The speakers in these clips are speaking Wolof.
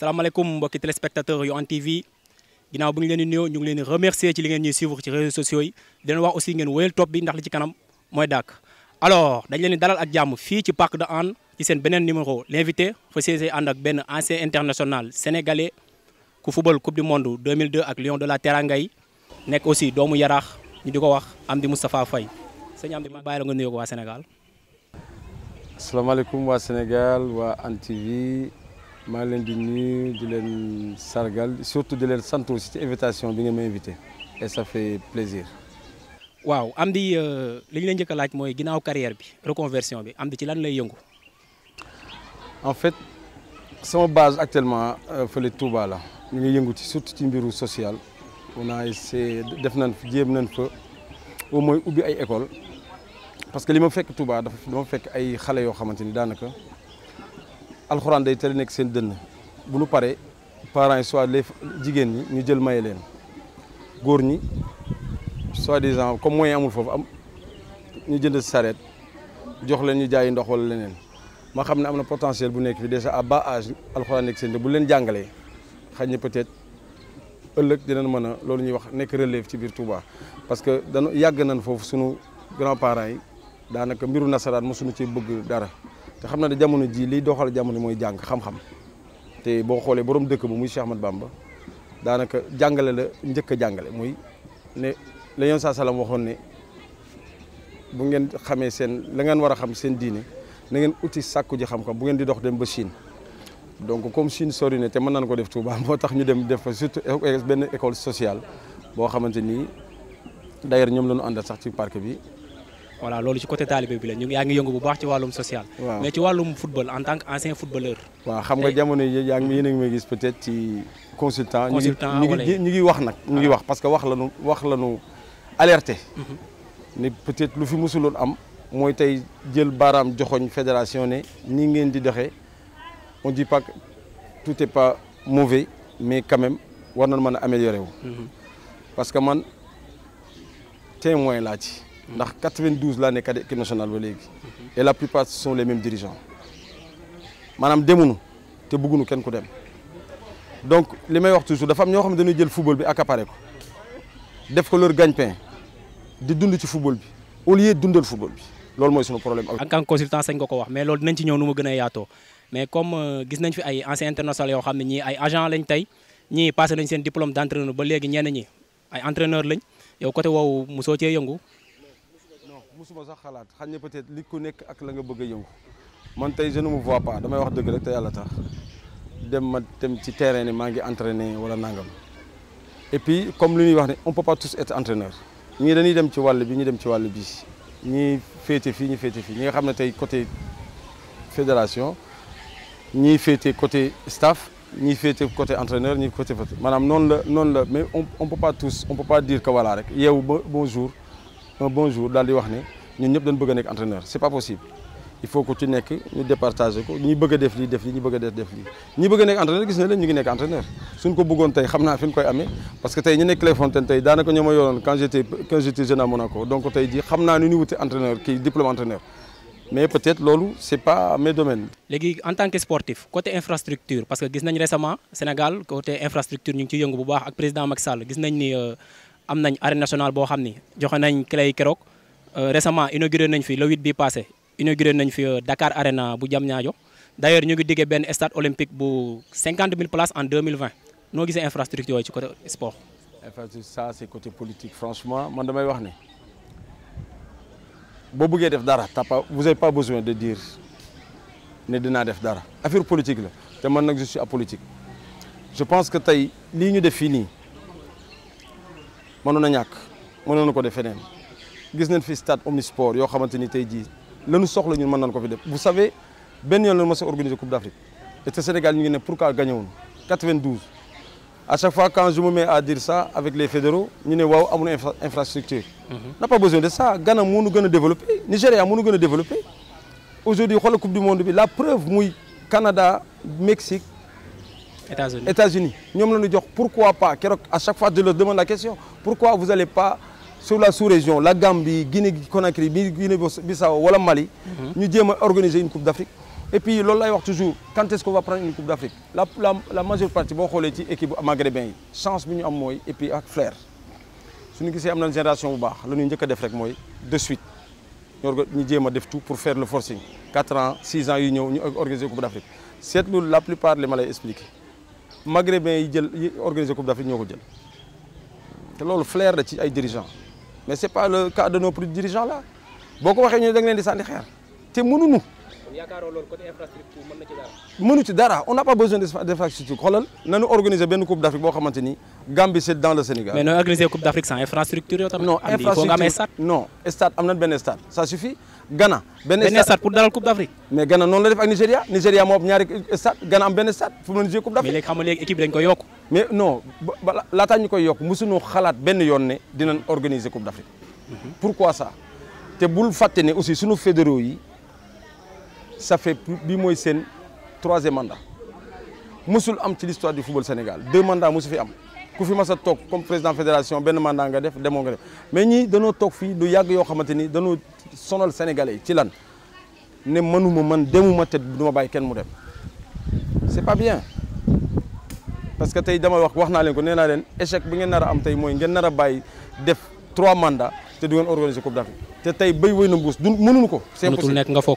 salaamaaleykum mbokki téléspectateur yu Hann TV ginaaw bu ñu leen di ñu ngi leen remercier ci li ngeen ñuy suivre ci réseaux sociaux yi di leen wax aussi ngeen wéyal top bi ndax li ci kanam moy dak alors dañ leen dalal ak jamm fi ci parc de an ci sen benen numéro l'invité fa seese ànd ak benn ancien international sénégalais ku football coupe du monde 2002 ak Lion de la Teranga nek aussi doomu yarax ñu diko wax amdi mustapha fay sëñ amdi ma bàyyi nga nuyoo ko waa Sénégal asalaamaaleykum wa Sénégal wa antv maa leen di nuyu di leen sargal surtout di leen sant aussi ci invitation bi invité et ça fait plaisir. waaw Amdy euh, li ñu la njëkk a laaj mooy ginnaaw carrière bi reconversion bi Amdy ci lan lay yëngu. en fait sama base actuellement euh, fële Touba la ñu ngi yëngu ci surtout ci mbiru social on a essayé def nañ fa jéem nañ fa au moins ubbi ay école parce que li ma fekk Touba dafa dama fekk ay xale yoo xamante ni alcorane day teel nek sen deun bu nu paré parents soit les jigen ni ñu jël maye len góor ñi soi-disant comme moyen amul fofu am ñu jënd sareet jox len ñu jaay ndox wala leneen ma xam amna potentiel bu nek fi déjà à bas âge alcorane nek sen de bu len jàngalé xaj peut-être ëlëk dinañ mëna a loolu ñuy wax nek relève ci bir Touba parce que dañu yag nañ fofu suñu grand parents yi danaka mbiru nasaraan mësuñu ci bëgg dara te xam na ne jamono ji liy doxal jamono mooy jàng xam-xam te boo xoolee borom dëkk ba muy Cheikh Ahmad Bamba daanaka jàngale la njëkk jàngale muy ne la yoon saa salaam waxoon ne bu ngeen xamee seen la ngeen war a xam seen diine na ngeen uti sàkku ji xam-xam bu ngeen di dox dem ba Chine donc comme Chine sori na te mën nañ ko def Touba moo tax ñu dem def fa surtout benn école sociale boo xamante nii d'ailleurs ñoom la ñu àndal sax ci parc bi. voilà lolu ci côté talibé bi la ñu yaangi yëngu bu baax ci walum social. mais ci walum football en tant qu'ancien footballeur. waaw xam nga jamono yi yaa ngi yéen ngi may gis peut-être ci consultant. consultant ñu ñu ngi wax nak ñu ngi wax parce que wax lañu wax lañu alerter alerté. Mhm. ni peut-être lu fi mosuloon am moy tay jël baram joxoñ fédération né ni ngeen di doxé on dit pas tout est pas mauvais mais quand même war nañu mëna a améliorer wu. Mhm. parce que man témoin laa ci. Dans 92 ans de équipe et la plupart sont les mêmes dirigeants Madame Demounou, tu es donc les meilleurs toujours les femmes, football accaparé Ils def leur gagne-pain fait le football au lieu le football C'est loolu le problème. en tant consultant sañ mais dinañ ci nous mais comme euh, gis nañ fi ay anciens internationaux agent passé diplôme d'entraîneur côté musuma sax xalaat xagné peut-être li ko nek ak la nga bëgg a yëngu man je ne me vois pas damay wax dëgg rek te yàlla tax dem ma dem ci terrain ni ma ngi entraîner wala nangam et puis comme lu ñuy wax ne on peut pas tous être entraîneur ñi dañuy dem ci wàll bi ñi dem ci wàll bi ñi fété fi ñi fété fi ñi nga xamné tay côté fédération ñi fété côté staff ni féete côté entraîneur ni côté manam Non, la non la mais on on peut pas tous on peut pas dire que voilà rek yeewu bonjour un bon jour daal di wax Ni ñun ñëpp dañ bëgg entraîneur c'est pas possible il faut que tu nekk ñu départager ko ñi bëgg a def lii def lii ñi bëgg a def lii ñi bëgg a entraîneur gis na ñu ngi entraîneur suñ ko bëggoon parce que nous ñu nekk Clairefontaine tey Dans le ma quand j'étais quand j'étais jeune à Monaco donc tey dit xam naa nu ñuy wute entraîneur qui diplôme entraîneur mais peut-être ce c'est pas mes domaines. en tant que sportif côté infrastructure parce que gis nañ récemment Sénégal côté infrastructure nous avons ciy yëngu président Maxal, nous gis nañ euh, am Arena National nationale xamni clé kérok euh, récemment inauguré nañ fi le 8 bi passé inauguré nañ fi euh, Dakar Arena bu D'ailleurs, nous avons ñu ngi stade olympique bu 50 000 places en 2020 no gisé infrastructure yooyu ci côté sport. infrastructure ça c'est côté politique franchement man damay wax né bo bëggé def dara vous avez pas besoin de dire né dina def dara affaire politique la té man nak je suis apolitique je pense que tu li ñu def mënoon na ñak mënoon na ko def feneen gis nañ fi stade omnisport yo xamanteni tay ji lañu soxla ñun mën nañ ko fi def vous savez ben yoon la mos organiser coupe d'Afrique et te Sénégal ñu ngi ne pourquoi gagné 92 à chaque fois quand je me mets à dire ça avec les fédéraux ñu ne waaw amul infrastructure mhm. n'a pas besoin de ça Ghana moo nu gën Nigeria, développé Nigéria moo nu gën aujourd'hui xol coupe du monde bi la preuve muy Canada Mexique États-Unis. états Nous nous disons pourquoi pas. À chaque fois, je leur demande la question pourquoi vous n'allez pas sur la sous-région, la Gambie, Guinée-Conakry, Guinée-Bissau ou Mali, nous mhm. disons organiser une Coupe d'Afrique. Et puis, là, toujours quand est-ce qu'on va prendre une Coupe d'Afrique la, la, la, majeure partie, bon, l'équipe maghrébine. Chance, nous avons et puis avec flair. Si nous avons une génération, nous avons fait de suite. Nous avons fait tout pour faire le forcing. 4 ans, 6 ans, nous avons organisé Coupe d'Afrique. C'est la plupart des Malais expliquent maghrébin yi jël yi organiser coupe d'Afrique ñoo ko jël te loolu flair des ci ay dirigeants mais c'est pas le cas de nos plus dirigeants là Si on waxee ñu da nga leen di sànni xeer te yaakaaroo loolu côté infrastructure mën na ci dara. ci dara on n'a pas besoin d'infrastructure nous organisons organiser benn coupe d'Afrique pour xamante Gambie c'est dans le Sénégal. mais organisons organiser coupe d'Afrique sans infrastructure non infrastructure non stade am na stade ça suffit. Ghana benn stade pour dalal coupe d'Afrique. mais Ghana non, la def ak Nigéria Nigéria moo ñaari stade Ghana am benn stade pour mu jouer coupe d'Afrique. mais les xam nga léegi équipe mais non ba laataa ñu nous yokk mosuñu xalaat benn yoon ne dinañ organiser coupe d'Afrique. Mhm. pourquoi ça te bul fàtte ne aussi sunu fédéraux yi ça fait bi mooy seen troisième mandat musul am ci l'histoire du football Sénégal deux mandats musu fi am ku fi mas a toog comme président fédération benn mandat nga def demo nga def mais ñii de toog Tok, lu yàgg yoo xamante ni danoo sonal sénégalais ci lan né mënuma man demuma tête duma baye ken mu dem c'est pas bien parce que tay dama wax wax naa ko nee naa échec bi ngeen nara am tay moy ngeen nara baye def trois mandats té du ngeen organiser coupe d'Afrique Té tay béy wéy na mbuus du mënuñu ko. c'est impossible nekk nga foog.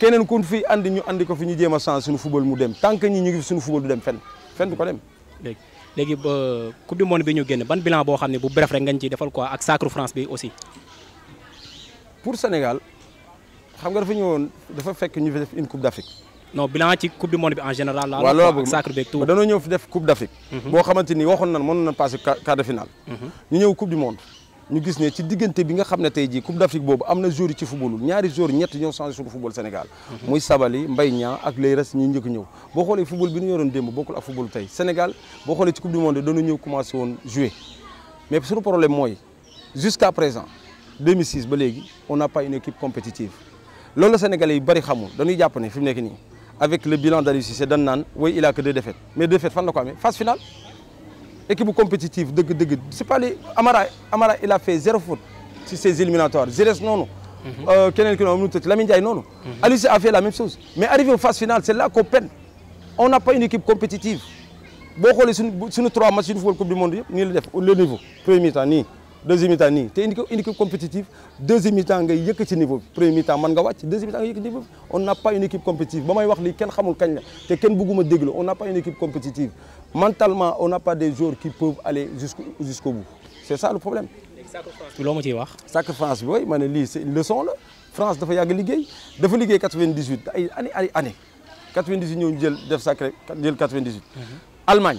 keneen ku fi andi ñu andi ko fi ñu jéem a changé suñu football mu dem tant que ñi ñu ngi fi suñu football du dem fenn fenn du ko dem. léegi coupe du monde bi ñu génn ban bilan boo xam ne bu bref rek nga ñu defal quoi ak sacre France bi aussi. pour Sénégal xam nga dafa ñëwoon dafa fekk ñu fi def une coupe d' Afrique. non bilan ci coupe du monde bi en général. la waaw danoo ñëw fi def coupe d' Afrique. Mhm. boo xamante ni waxoon nan na passé quart de finale. Mhm. ñu ñëw coupe du monde. Nous avons vu ci diggante bi nga coupe d'Afrique boobu am de ci ñaari jours, ñett football Sénégal mhm. muy Sabali Mbaye les restes Le football bi ñu football Sénégal coupe du monde jouer mais suñu problème jusqu'à présent 2006 on n'a pas une équipe compétitive loolu la Sénégalais yu bari avec le bilan de Cissé il a que deux défaites mais deux défaites la phase finale équipe compétitive de dëgg c'est pas les Amara Amara il a fait zéro faute sur ses éliminatoires Zeres non non. ki noonu nu tëdd Lamine non non. Mhm. a fait la même chose mais arrivé en phase finale c'est là qu'on peine on n'a pas une équipe compétitive Si nous a trois matchs suñu football coupe du monde le niveau premier temps ni deuxième mi-temps équipe compétitive deuxième mi-temps ngay yëkk niveau premier mi-temps man nga wacc deuxième mi-temps nga niveau on n'a pas une équipe compétitive bamay wax li kenn xamul kañ la te kenn bëgguma dégg on n'a pas une équipe compétitive mentalement on n'a pas des joueurs qui peuvent aller jusqu'au jusqu'au bout c'est ça le problème. sacrifice bi loo ma ciy wax. sacrifice France, oui c'est une leçon la France dafa yag liguey dafa liguey 98 ay année année 98 ñëw jël def sacré 98. Mhm. Allemagne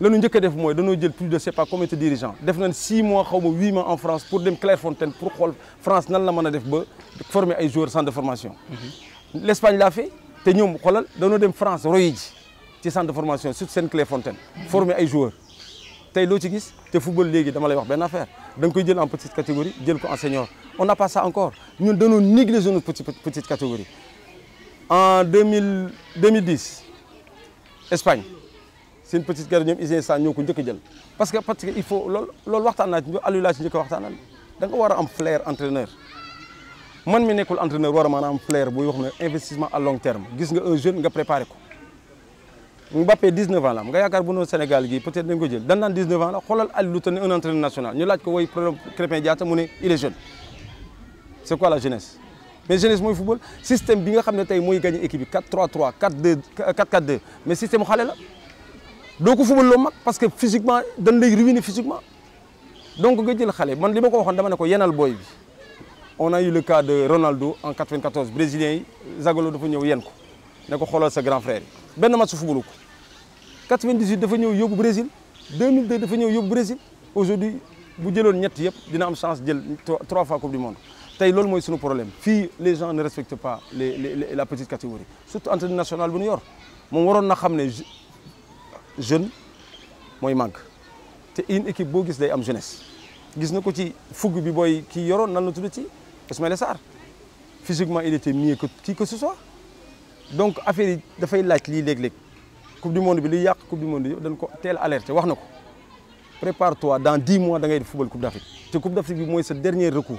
lañu njëkk a def mooy dañoo jël plus de je sais pas combien de dirigeants def nañ 6 mois xaw 8 mois en France pour dem Clairefontaine pour xool France nan la mën a def ba former ay joueurs centre de formation. Mhm. l' Espagne laa fait te ñoom xoolal dañoo dem France royi ji ci centre de formation surtout seen Clairefontaine. former ay joueurs tey loo ci gis te football léegi dama lay wax benn affaire da nga koy jël en petite catégorie jël ko en senior on n'a pas ça encore ñun dañoo négliger nos petite petite catégorie en 2000 2010 Espagne. C'est une petite gare ils ont Sane ñoo ko jël parce que parce que il faut loolu loolu waxtaan naa ci Aliou laa ci njëkk a waxtaanal da nga wara am flair entraîneur man mi nekkul entraîneur wara man am flair bu wax investissement à long terme gis nga un jeune nga préparer ko Mbappé 19 ans la nga yaakaar bu noonu Sénégal gi peut-être dañ ko jël dan 19 ans la xolal Aliou lu tane un entraîneur national ñu laaj ko woy Crépin diata mu né il est jeune c'est quoi la jeunesse mais jeunesse moy football système bi nga xamné tay moy mooy gagné équipe 4-3-3 4-2 4-4-2 mais système xalé la doo ko fubal loo parce que physiquement dañ lay ruiner physiquement donc nga jël xale man li ma ko waxoon dama ne ko yenal bi on a eu le cas de Ronaldo en 94 brésilien Zagolo Zagallo dafa ñëw yen ko ne ko xoolal sa grand frère yi benn match fubalu 98 98 dafa ñëw au Brésil 2002 dafa ñëw au Brésil aujourd'hui bu jëloon ñett yëpp dina am chance jël trois fois coupe du monde tey loolu mooy suñu problème fii les gens ne respectent pas les la petite catégorie surtout entre national bu ñu yor moom waroon na xam jeune il manque. une équipe qui jeunesse qui ci bi un a physiquement il était mieux que qui que ce soit donc affaire yi faire la coupe du monde bi coupe du monde prépare-toi dans 10 mois da ngay football coupe d'Afrique La coupe d'Afrique est le dernier recours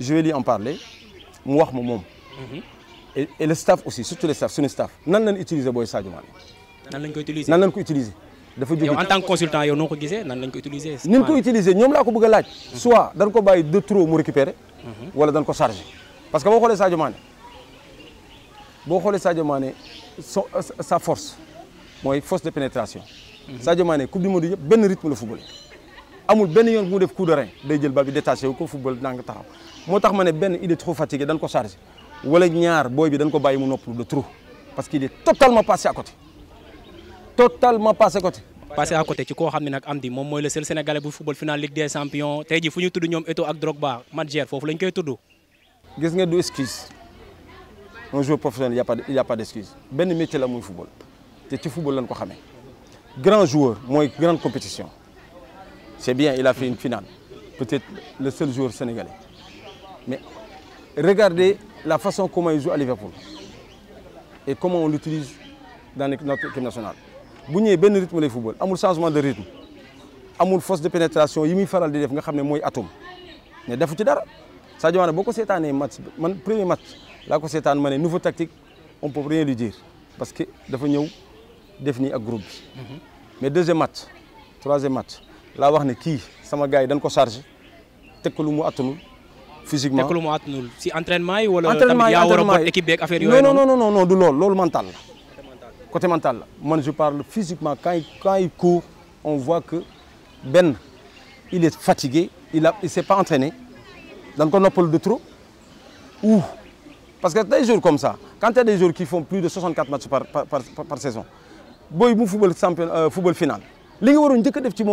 je vais lui en parler mu wax ma moom. Mhm. et et le staff aussi surtout le staff suñu staff nan lañ utiliser booy Sadio Mané. nan lañ ko utiliser nan lañ ko utiliser. dafa jóg en tant que consultant yow noo ko gisee nan lañ ko utiliser. ni ñu ko utiliser ñoom laa ko bëgg a laaj. Mhm. soit dañ ko bàyyi de trop mu récupérer mhm. wala dañ ko charger parce que boo xoolee Sadio Mané boo xoolee Sadio Mané sa force mooy force de pénétration. Sadio Mané coupe du monde yëpp benn rythme la football amul benn yoon mu def coup de rein day jël ba bi ko football nang taxaw motax mané ben il est trop fatigué dañ ko chargé wala ñaar boy bi dañ ko bàyyi mu nopplu de trop parce qu'il est totalement passé à côté totalement passé à côté. passé à côté ci ko xamni nak nag am di moom le seul sénégalais bu football final Ligue des champions tay ji fuñu ñu tudd ñoom Eto'o ak Drogba Madjer fofu lañ koy tudd. gis nga du excuse un joueur professionnel il y a pas y a pas d'excuse ben métier la moy football té ci football lañ ko xamé grand joueur moy grande compétition c'est bien il a fait une finale peut-être le seul joueur sénégalais. Mais regardez la façon comment ils jouent à Liverpool et comment on l'utilise dans notre équipe nationale. vous avez un rythme de football un changement de rythme une force de pénétration il y a di def nga atome mais defu ci dara Sadio Mané beaucoup ko année match premier match là ko s'est année nouveau tactique on ne peut rien lui dire parce que dafa ñëw def groupe Mais mhm. mais deuxième match troisième match là wax est kii sama gars yi physiquement nekk si entraînement yi wala tamit yaa équipe affaire Non, non non non non du loolu loolu mental côté mental Moi je parle physiquement quand il quand il court on voit que Ben, il est fatigué il a il s'est pas entraîné dañ ko noppal de trop ou parce que des jours comme ça quand tu as des jours qui font plus de 64 matchs par par par, par saison booy mu football champion euh, football final li nga waroon njëkk a def ci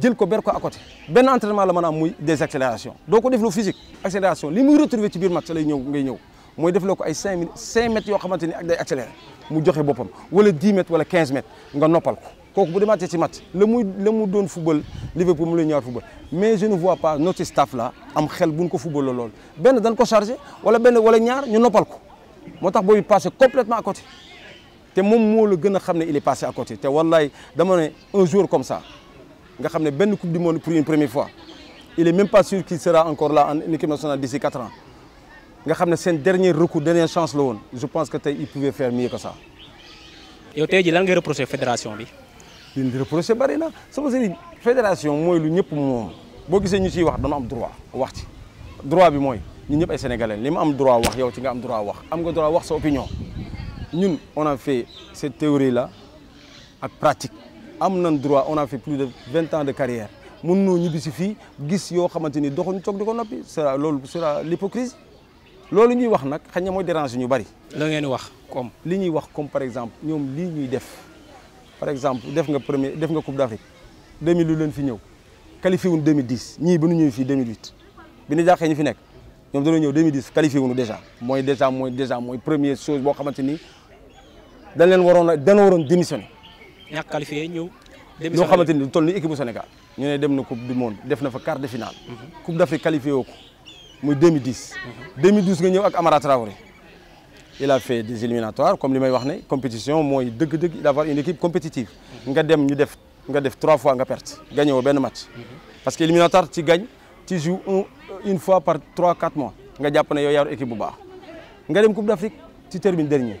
jël ko ber ko à côté benn entraînement la mën a muy des accélérations doo ko def loo physique accélération li muy retrouver ci biir match lay ñëw ngay ñëw mooy def loo ko ay cinq minutes cinq mètres yoo xamante ni ak day accélérer mu joxe boppam wala 10 mètres wala 15 mètres nga noppal ko kooku bu demaatee ci match la muy la mu doon football Liverpool mu lay ñëwaat football mais je ne vois pas notre staff là am xel buñ ko football la lool benn dañ ko chargé wala benn wala ñaar ñu noppal ko moo tax boobu passé complètement à côté te moom moo la gën a xam ne il est passé à côté te wallaay dama ne un jour comme ça nga xam ne coupe du monde pour une première fois il est même pas sûr qu'il sera encore là en équipe nationale d'ici 4 ans nga xam ne dernier recours dernière chance la je pense que il pouvait faire mieux que ça. Et tey jii lan ngay reproché fédération bi. li ñu di reproché bari na sama sëriñ fédération mooy lu ñëpp moom boo gisee ñu ciy wax dana am droit wax ci droit bi mooy ñun ñëpp ay sénégalais li ma am droit wax yow ci nga am droit wax am nga droit wax sa opinion ñun on a fait cette théorie là avec pratique am nañ droit on a fait plus de 20 ans de carrière mën noo ñibbi si fii gis yoo xamante ni doxuñu toog di noppi sera loolu sera l'hypocrisie loolu ñuy wax nag xëy na mooy dérange ñu bari. la ngeen wax comme. li ñuy wax comme par exemple ñoom lii ñuy def par exemple def nga premier def nga Coupe d'Afrique 2000 lu leen fi qualifié 2010 ñii ba ñu 2008 bi ñu jaaxee ñu fi nekk ñoom dañoo ñëw 2010 qualifié déjà Moi déjà moi déjà moi première chose boo xamante ni dañ leen waroon a dañoo démissionner ñàkk qualifié ñëw. ñoo xamanteni ni toll ni équipe Sénégal ñu né dem na coupe du monde def na fa quart de finale. Mhm. coupe d'Afrique qualifié woo ko muy 2010. 2012 mhm. nga ñëw ak Amara Traoré. il a fait des éliminatoires comme limay wax né compétition mooy deug dëgg d'avoir une équipe compétitive. Mhm. nga dem ñu def nga def trois fois nga perte gagné un ben match. parce que éliminatoire ci gagne ci joue une fois par 3 4 mois nga japp né yow yar équipe bu baax nga dem coupe d'Afrique tu termines dernier.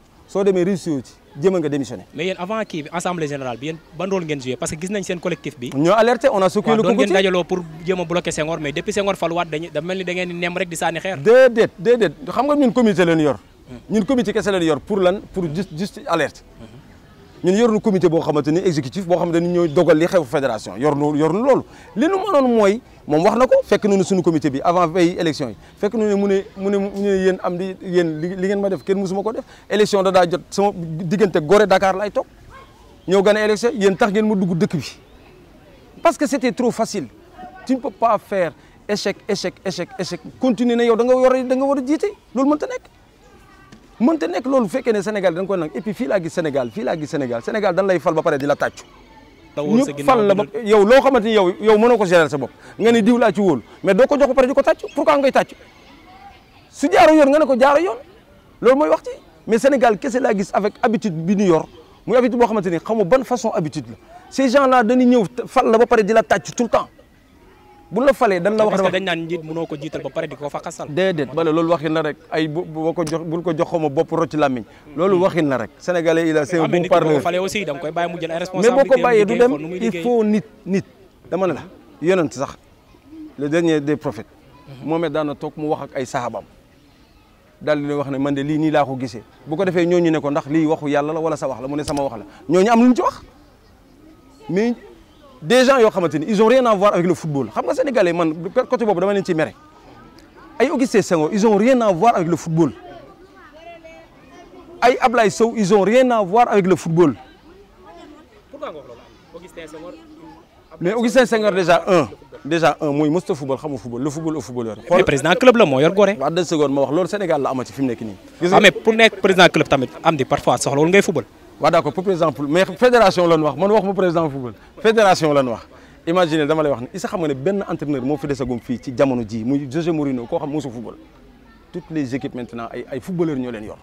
so de mes wu mais avant l'Assemblée générale bi que ban rôle ngeen parce que gis nañ seen collectif bi. alerté on a secoué le vous pour bloquer mais depuis que vous faut dafa vous Nous da ngeen de rek di Vous xam nga ñun comité nous yor. comité pour juste alerte ñun yornu comité bo xamanteni exécutif bo xamanteni ñoy dogal li xew fédération yornu yornu lool li nu mënon moy mom waxnako fekk nañu suñu comité bi avant veille élection yi fekk nañu ne mune ne mu ne am di yeen li ngeen ma def kenn musuma ko def élection da da jot sama digënté goré Dakar lay tok ñëw gën élection yeen tax ngeen ma dugg dëkk bi parce que c'était trop facile tu ne peux pas faire échec échec échec échec continuer na yow da nga war da nga wara jité lool mënta nek mënta nek loolu bu fekkee Sénégal dañ ko koy et puis fi la gis Sénégal fi la gis Sénégal Sénégal dañ lay fal ba paré dila la tàccu fal la ba yow lo xamanteni yow yow mëno ko gérer sa bop nga ni diw la ci wol mais doo ko jox ba pare di pourquoi ngay tàccu su jaaro yoon nga ne ko jaaro yoon loolu moy wax ci mais Sénégal kese la gis avec habitude bi ñu yor muy habitude bo xamanteni xamu ban façon habitude la ces gens là dañuy ñew fal la ba paré dila la tout le temps buñ la falee dañ la wax. parce que dañ naan njiit mënoo ko jiital ba pare di ko fa xasal. déedéet ma ne loolu waxin la rek ay bu ko jox buñ ko jox xawma bopp rocc làmmiñ loolu hmm. waxin la rek. sénégalais il a c'est un bon parleur. mais aussi da nga koy bàyyi mu jël ay responsabilité mais boo ko bàyyee du dem il faut nit nit. dama ne la yonent sax le dernier des prophètes. Hmm. Mohamed daan na toog mu wax ak ay saabam daal di wax ne man de lii nii laa ko gisee bu ko defee ñooñu ne ko ndax lii waxu yàlla la wala sa wax la mu ne sama wax la ñooñu am lu ñu ci wax mais des gens yoo xamante ils ont rien à voir avec le football xam nga sénégalais man côté boobu dama leen ci mere ay Augustin ils ont rien à voir avec le football ay Ablaye Sow ils ont rien à voir avec le football. mais Auguste Senghor déjà un déjà un mooy mësta football xamul football le football au footballeur. mais président club la moo yor gore. waaw deux secondes ma wax loolu Sénégal la amati fi mu ah, mais pour nekk président club tamit am di parfois soxlawul ngay football waa d'accord pour président pour mais fédération lan wax man waxuma président football fédération lan wax imagine dama lay wax ne Issa xam nga ne benn entraîneur moo fi desagum fii ci jamono ji muy José Mourinho koo xam mosu football toutes les équipes maintenant ay ay footballeurs ñoo leen yor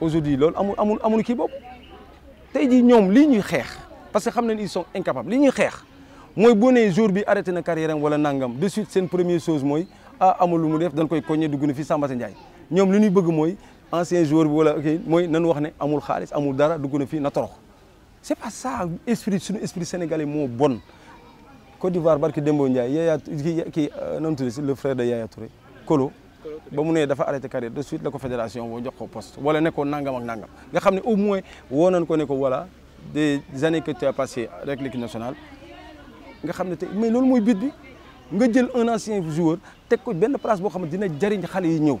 aujourd'hui loolu amul amul amul kii boobu tey jii ñoom lii ñuy xeex parce que xam nañ ils sont incapables li ñuy xeex mooy boo nee jour bi arrêté na carrière am wala nangam de suite seen première chose mooy ah amul lu mu def dañ koy cogné dugg na fii Samba Ndiaye ñoom li ñuy bëgg mooy ancien joueur bi wala kii moy nañu wax ne amul xaalis amul dara dugg na na torox c'est pas ça esprit suñu esprit sénégalais mo bon Côte d'Ivoire barki Dembo Ndiaye Yaya ki kii euh, na le frère de Yaya Touré Kolo ba mu nee dafa arrêté carrière de suite la ko fédération boo jox ko poste wala né ko nangam ak nangam nga xamné au moins wonan ko né ko voilà des années que tu as passé avec l'équipe nationale nga xamné mais lolu moy but bi nga jël un ancien joueur tek ko benn place bo xamné dina jariñ xalé yi ñew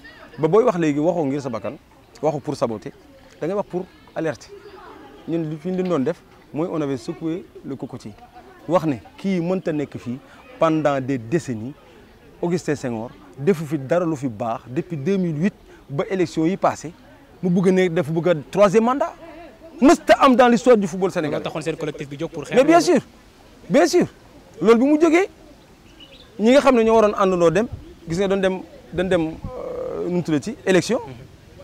ba boy wax léegi waxo ngir sa bakan waxo pour saboter da ngay wax pour alerter ñun li fi ñu def moy on avait secoué le cocotier wax ne ki mënta nek fi pendant des décennies Augustin Senghor defu fi dara lu fi baax depuis 2008 ba élection yi passé mu bëgg ne dafa bëgg troisième mandat mësta am dans l'histoire du football sénégalais. collectif bi pour mais bien sûr bien sûr lool bi mu joggé ñi nga xamné ne ñoo waroon àndandoo dem gis nga doon dem doon dem nous mu tuddati élection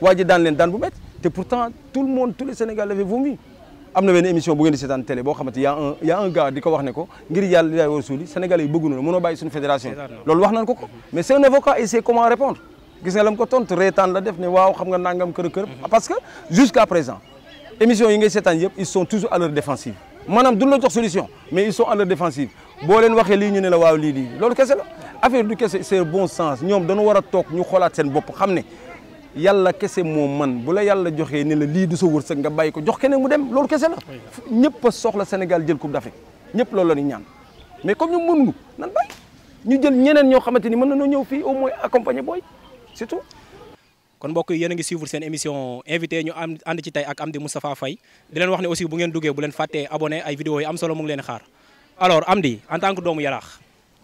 mhm. pourtant tout le monde tous les Sénégalais avaient vomi Il émission télé y' a un gars qui Sénégalais fédération mhm. mais c'est un avocat et c'est comment répondre parce que jusqu'à présent émission émissions ils sont toujours à leur défensive Je n'ai pas solution mais ils sont à leur défensive affaire du c'est bon sens ñom dañu wara tok ñu sen bop xamné ne yàlla mo man bu la yalla joxé ne la du sa de nga bayiko jox mu dem lolu la. soxla Sénégal jël coupe d'Afrique ñepp lolu ñaan mais comme ñu mënu nan Nous ñu jël ñeneen ño xamanteni ni ñëw fi au moins accompagner c'est tout. kon mbokk yi yéen suivre émission invité ñu am ànd ci tey ak Moustapha Faye di leen wax ne aussi bu ngeen bu leen abonné ay vidéo yi am solo mu ngi leen xaar alors Amdi, en tant que doomu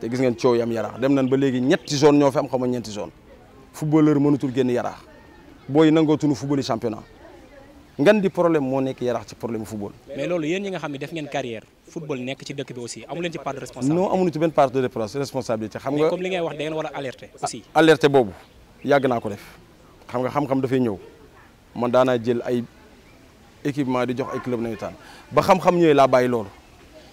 te gis ngeen coow yi am yaraax dem nañ ba léegi ñetti zone ñoo fi am xam nga ñetti zone footballeur mënatul génn yaraax booy nangootunu football ngan di problème moo nekk yaraax ci problème football. mais loolu yéen ñi nga xam ne def ngeen carrière football nekk ci dëkk bi aussi amu leen ci part de responsabilité. non amuñu ci benn part de responsabilité. nga comme li ngay a alerter aussi. Ah, boobu yàgg naa ko def xam nga xam-xam dafay ñëw man daanaa jël ay équipement di jox ay club nawetaan ba xam-xam ñëwee laa bàyyi loolu.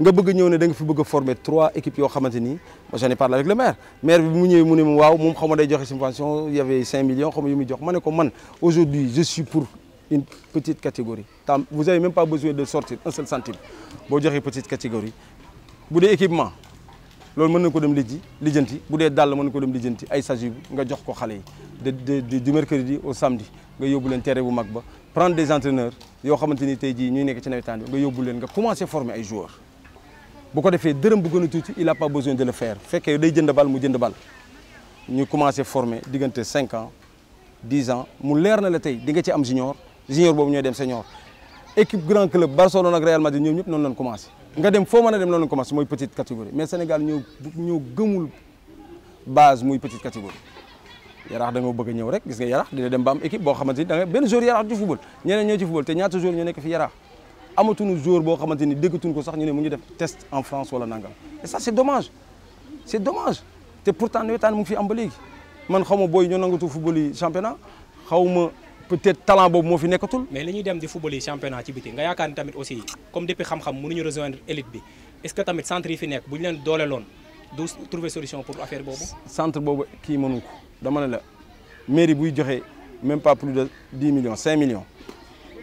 nga bëgg ñëw ne da nga fi bëgg former trois équipes yoo xamante ni j'en ai parlé avec le maire maire bi mu ñëwee mu ne mu waaw moom xam day joxe subvention il y avait cinq millions xam yu muy jox ma ne ko man aujourd'hui je suis pour une petite catégorie tam vous avez même pas besoin de sortir un seul centime boo joxee petite catégorie bu dee équipement loolu mën na ko dem lijji lijjanti bu dee dàll mën na ko dem lijjanti ay sagi nga jox ko xale yi de du mercredi au samedi nga yóbbu leen terrain bu mag ba prendre des entraîneurs yoo xamante ni tey jii ñuy nekk ci nawetaan bi nga yóbbu leen nga commencer former ay joueurs bu tout il n'a pas besoin de le faire fekkee jënd jeunes mu jënd nous ñu commencé former 5 ans 10 ans mu a na la tey ci am junior junior senior équipe grand club Barcelone Real Madrid Nous nous nous lañ commencé. nga dem a commencé petite catégorie mais Sénégal Nous nous avons base Moi petite catégorie yaraax da a ñëw rek gis nga yaraax dem ba du football ñeneen ñoo ci football amatuñu jour bo xamanteni ni ko sax ñu ne mu ngi def test en France wala nangam et ça c'est dommage c'est dommage té pourtant tan mu fi am ba légui man xaw boy ñu nangatu football yi championnat xawma peut-être talent bobu mo fi nekatul mais lañuy dem di football yi championnat ci biti nga yaakaar tamit aussi comme depuis xam-xam mënuñu rejoindre élite bi est ce que tamit centre yi fi nek buñu ñu leen dooleeloon du trouver solution pour affaire bobu centre bobu ki mënu ko dama la mairie buy joxe même pas plus de dix millions cinq millions.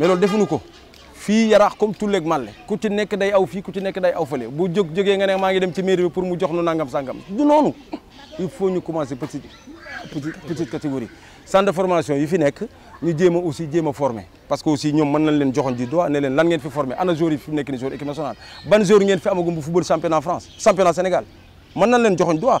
mais loolu defuñu ko fii yaraax comme tulleeg màlle ku ci nek day aw fi ku ci nekk day aw fele bu jog jógee nga ne ma ngi dem ci mairie pour mu jox nu nangam sangam du noonu il faut ñu commencer petit petit petite catégorie centre de formation yi fi nek ñu jéem aussi jéem former parce que aussi ñom mën nañ leen joxoon di doigt ne leen lan ngeen fi former ana jour yi fi nek ni jour équipe nationale ban jour ngeen fi amagum bu football championnat France championnat Sénégal mën nañ leen joxoon droit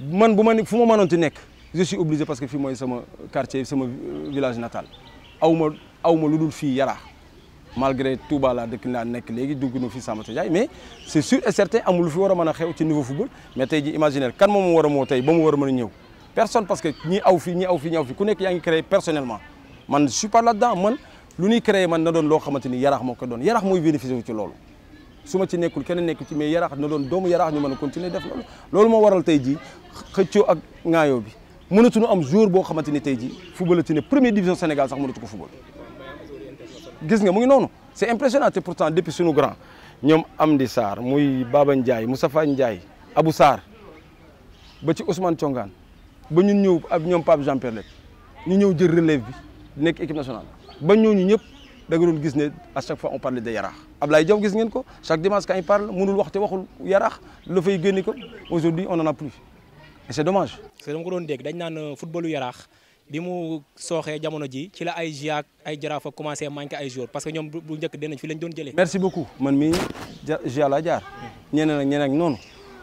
man buma ni fuma fu ma je suis obligé parce que fii mooy sama quartier sama village natal aw ma aw ma lu dul fii malgré Touba laa dëkk naa nekk léegi dugg na fii Samba Ndiaye mais c'est sûr et certain amul lu fi war a xew ci niveau football mais tey ji imaginaire kan moom war wara moo tey ba wara war personne parce que ñi aw fii ñi aw fii ñi fi, fii ku nekk yaa ngi créé personnellement man je suis pas là-dedans man lu ñuy créé man na doon loo xamante ni yaraax moo ko doon yaraax lolo bénéficié wu ci loolu su ma ci nekkul kenn nekk ci mais yaraax na doon doomu yaraax ñu mën continuer def loolu loolu moo waral tey xëccoo ak ŋaayoo bi mënatuñu am joueur boo xamante ni tey jii footballati ne première division Sénégal sax mënatu ko football gis nga mu ngi noonu c'est impressionnant te pourtant depuis sunu grand ñoom am Amdi Sarr muy Baba Ndiaye Moustapha Ndiaye abu Sarr ba ci Ousmane Thiongaan ba ñun ñëw ak ñoom Pape Jean Perlet ñu ñëw jël relève bi nekk équipe nationale ba ñooñu ñëpp da nga doon gis ne à chaque fois on parlait de Yaraax Ablaye Diaw gis ngeen ko chaque dimanche quand il parle mënul wax te waxul Yaraax la ko aujourd'hui on en a plus et c'est dommage. parce que dama ko doon dégg dañ naan euh, footballu yaraax bi mu jamono ji ci la ay jiyaak ay jaraaf ak commencé manqué ay jour parce que ñom bu njëkk dinañ fi lañ doon jëlé merci beaucoup man mi ja jia laa jaar ñene nak ñeneen ak noonu.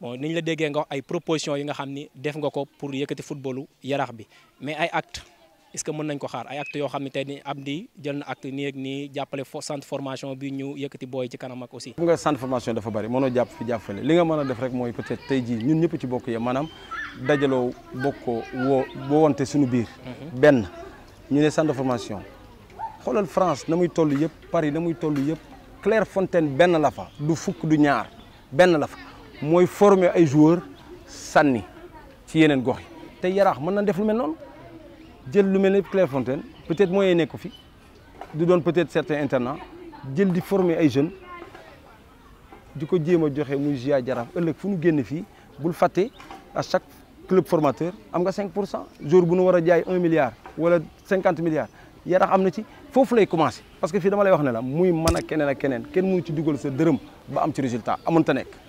bon ni la nga ay propositions yi nga xamni def nga ko pour mais ay acte, est-ce que mën nañ ko xaar ay ni Abdi jël acte ak centre formation bi ñu yëkëti boy ci kanam ak nga centre formation dafa bari mëno japp fi jappalé li nga mëna def rek peut-être ya suñu biir. Mhm. ñu centre formation xolal France namuy tollu Paris Clairefontaine la du fukk du ñaar moy former ay joueurs sànni ci yenen gox yi te yaraax mën na def lu mel non jël lu mel ni Fontaine peut-être moyen nekk fi du don peut-être certains internats jël di former ay jeunes diko djema joxé a joxe muy jia jaraaf ëllëg fu ñu génn fii bul à chaque club formateur am nga 5 jour bu nu jaay 1 milliard wala 50 milliards yaraax amna ci fofu lay commencer parce que fi dama lay wax né la muy mën a keneen ak keneen kenn mënu ci dugal sa dërëm ba am ci résultat amunta nekk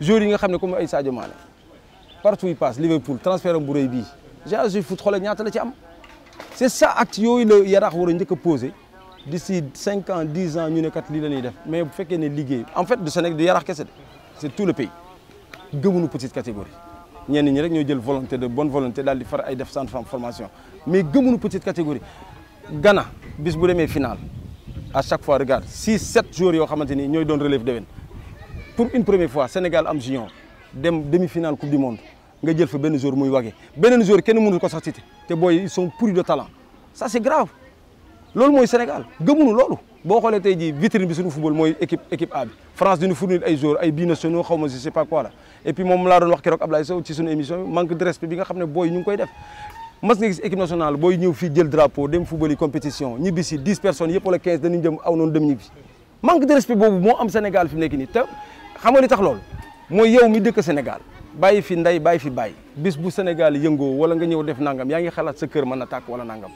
joueurs yi nga xamné comme ay Sadio Mané partout il passe Liverpool transfert am bu rëy bii Géant foot xolé ñaata la ci am c'est ça acte yoy le yarax war ñëk posé d'ici 5 ans 10 ans ñu né kat li lañuy def mais bu féké né liggéey en fait du Sénégal du yarax kese c'est tout le pays gëmuñu petite catégorie ñen ñi rek ñoy jël volonté de bonne volonté dal di far ay def centre formation mais petite catégorie Ghana bis bu démé final à chaque fois regarde si 7 jours yo xamanteni ñoy don doon relève pour une première fois Sénégal am junior dem demi-finale coupe du monde nga jël fa benn joueur muy wage beneen joueur kenn mënu ko sax cité te booy ils sont pourris de talent ça c'est grave loolu mooy Sénégal gëmunu loolu boo xoolee tey jii vitrine bi suñu football mooy équipe équipe A France d'une fournir ay joueurs ay binationaux xaw ma je sais pas quoi là. et puis moom laa qui wax keroog Ablaye Sow ci suñu émission manque de respect bi nga xam boy booy ñu ngi koy def mas équipe nationale nous ñëw fii jël drapeau dem football yi compétition ñibbi si dix personnes yëpp wala quinze dañuy jëm aw demi dem manque de respect bobu mo am Sénégal fi nek ni te xam nga li tax lool moy yow mi dëkk Sénégal bayyi fi nday bayyi fi bayyi bis bu Sénégal yëngo wala nga ñëw def nangam yaa ngi xalaat sa kër mën na tàkk wala nangam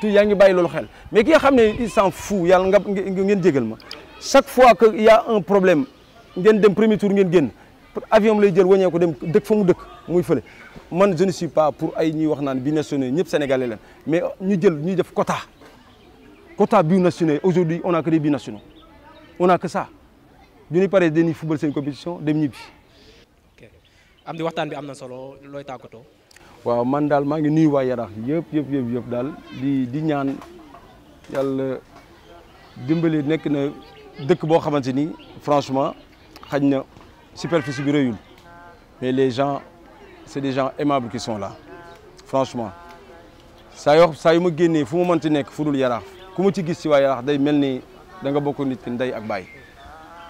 tu yaa ngi bàyyi loolu xel mais ki xamné il s'en fout yalla nga ngeen jégal ma chaque fois que y a un problème ngeen dem premier tour ngeen genn avion lay jël wañee ko dem dëkk fa mu dëkk muy fële man je ne suis pas pour ay ñi wax naan binationaux ñëpp sénégalais leen mais ñu jël ñu def quota quota bi binationaux aujourd'hui on a que bi binationaux on a que ça du ñu paree dañuy football seen compétition dem ñibbi. ok am di waxtaan bi am na solo looy tàggatoo. waaw man daal maa ngi nuyu waa Yaraax yëpp yëpp yëpp yëpp daal di di ñaan yàlla dimbali nekk na dëkk boo xamante ni franchement xaj na superficie bi rëyul mais les gens c'est des gens aimables qui sont là franchement saa yoo saa yu ma génnee fu ma mënti nekk fu dul Yaraax ku ma ci gis ci waa Yaraax day mel danga nga nit ki ndey ak bay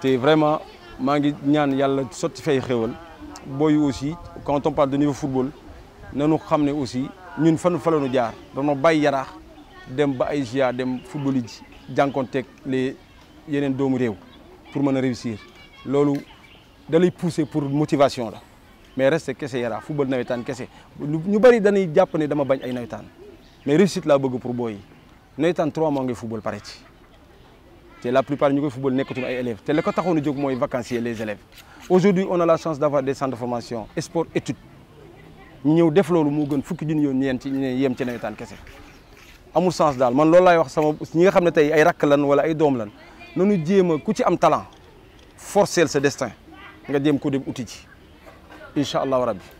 té vraiment ma ngi ñaan yalla soti fay xewal Boy aussi quand on parle de niveau football nañu xamné aussi ñun fañu fa lañu jaar dañu bay yaraax dem ba ay GIA dem football yi ji jànkonteeg les yenen doomu rew pour mën réussir lolu da lay pousser pour motivation la mais reste kese yara. football nawetaan kese ñu bari dañuy japp né dama bañ ay nawetaan mais réussite la bëgg pour boy. yi 3 trois mois football paré ci c'est la plupart ñu koy football tu ay élèves te le ko taxoon a jóg mooy vacancier les élèves aujourd'hui on a la chance d'avoir des centres de formation sport études ñu ñëw def loolu moo gën fukki junni yoon ñu yem ci ñu yem ci amul sens dal man loolu lay wax sama ñi nga xam tay ay rak lan wala ay dom lan nanu jema ku ci am talent forcer ce destin nga jëm ko dem outil ci inshallah rabbi